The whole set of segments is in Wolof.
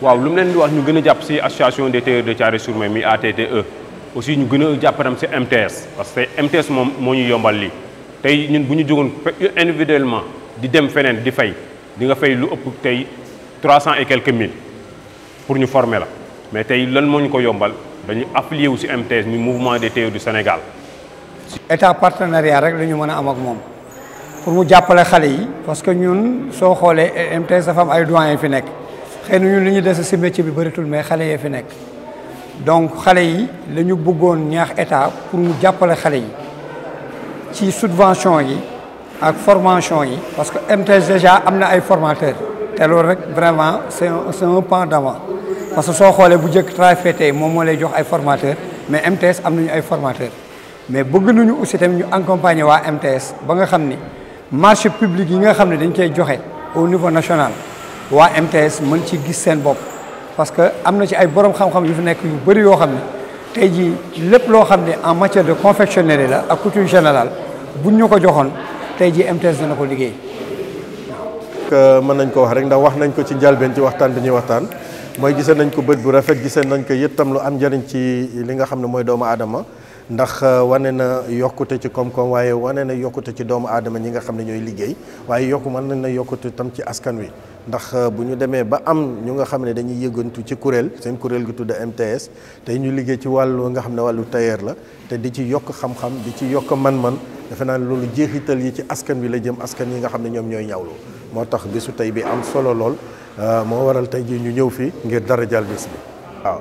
waaw lu mu leen di wax ñu gën a jàpp association des tailleurs de Thiaroye-sur-Mer mi ATTE aussi ñu gën a jàppatam si MTS parce que MTS moom moo ñu yombal lii tey ñun bu ñu jógoon individuellement di dem feneen di fay di nga fay lu ëpp tey trois et quelques mille pour ñu former la mais tey lan moo ñu ko yombal dañu affilié wu si MTS mi mouvement des tailleurs du Sénégal. état partenariat rek dañu mën a am ak moom pour mu jàppale xale yi parce que ñun soo xoolee MTS dafa am ay doyen fi nekk xëy na ñun li ñu des si métier bi bëritul mais xale yee fi nekk donc xale yi la ñu bëggoon ñaax état pour ñu jàppale xale yi ci subvention yi ak formation yi parce que MTS déjà am na ay formateurs te loolu rek vraiment c'est un c'est un pas d'avant parce que soo xoolee bu travail Trafete moom moo lay jox ay formateurs mais MTS am nañu ay formateurs mais bëgg nañu aussi tamit ñu accompagner waa MTS ba nga xam ni marché public yi nga xam ne dañ koy joxe au niveau national. waa MTS mën ci gis seen bopp parce que am na ci ay borom xam-xam yu fi nekk yu bëri yoo xam ne tey jii lépp loo xam en matière de confectionnerie la ak culture générale buñ ñu ko joxoon tey MTS dana ko liggéey. que mën nañ ko wax rek ndax wax nañ ko ci njëlbeen ci waxtaan bi ñuy waxtaan mooy gisee nañ ko bët bu rafet gisee nañ ko yëttam lu am njëriñ ci li nga xam ne doomu aadama. ndax euh, wane na yokkute ci koom-koom waaye wane na yokkute ci doomu aadama ñi nga xam ne ñooy liggéey waaye yokku mën nañ na yokkute tam ci askan wi ndax euh, bu ñu demee ba am ñu nga xam ne dañuy yëgantu ci kuréel seen kuréel gi tudd MTS tey ñu liggéey ci wàllu nga xam ne wàllu tailleur la te di ci yokk xam-xam di ci yokk man-man defe naa loolu jeexital yi ci askan wi la jëm askan yi nga xam ne ñoom ñooy ñawlu moo tax bisu tey bi am solo lool euh, moo waral tey ji ñu ñëw fii ngir darajal bis bi waaw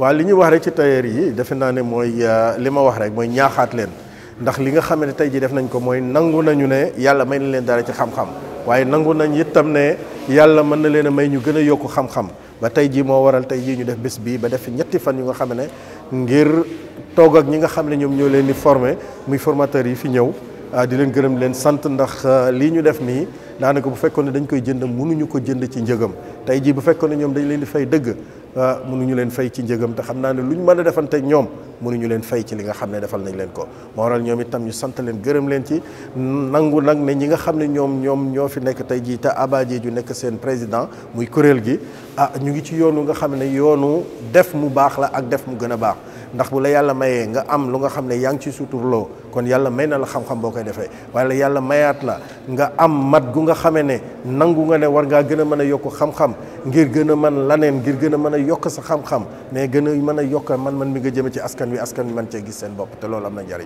waa li ñuy wax rek ci tailleur yi defe naa ne mooy euh, li ma wax rek mooy ñaaxaat leen ndax li nga xam ne tey jii def nañ ko mooy nangu nañu ne yàlla may na leen dara ci xam-xam waaye nangu nañ ne yàlla mën na leen a may ñu gën a yokk xam ba tey jii moo waral tey jii ñu def bés bii ba def ñetti fan yu nga xam ne ngir toog ak ñi nga xam ne ñoom ñoo leen di former muy formateur yi fi ñëw ah, di leen gërëm leen sant ndax euh, lii ñu def nii daanaka bu fekkoon ne dañ koy jënd mënuñu ko jënd ci njëgam tey jii bu fekkoon ne ñoom dañ leen di fay dëgg Ah, mënuñu leen fey ci njëgam te xam naa ne lu ñu mën a defanteeg ñoom mënuñu leen fay ci li nga xam ne defal nañ leen ko moo ñoom itam ñu sant leen gërëm leen ci nangu nag ne ñi nga xam ne ñoom ñoom ñoo fi nekk tey jii te abadie ju nekk seen président muy kuréel gi ah ñu ngi ci yoonu nga xam ne yoonu def mu baax la ak def mu gën a baax ndax bu la yàlla mayee nga am lu nga xam ne yaa ngi ci loo kon yàlla may na la xam-xam boo koy defee wala yàlla mayaat la nga am mat gu nga xamee ne nangu nga ne war ngaa gën a mën a yokk xam-xam ngir gën a mën laneen ngir gën a mën a yokk sa xam-xam mais a mën a yokk man man mi nga jëme ci askan wi askan wi man cee gis seen bopp te loolu am na njariñ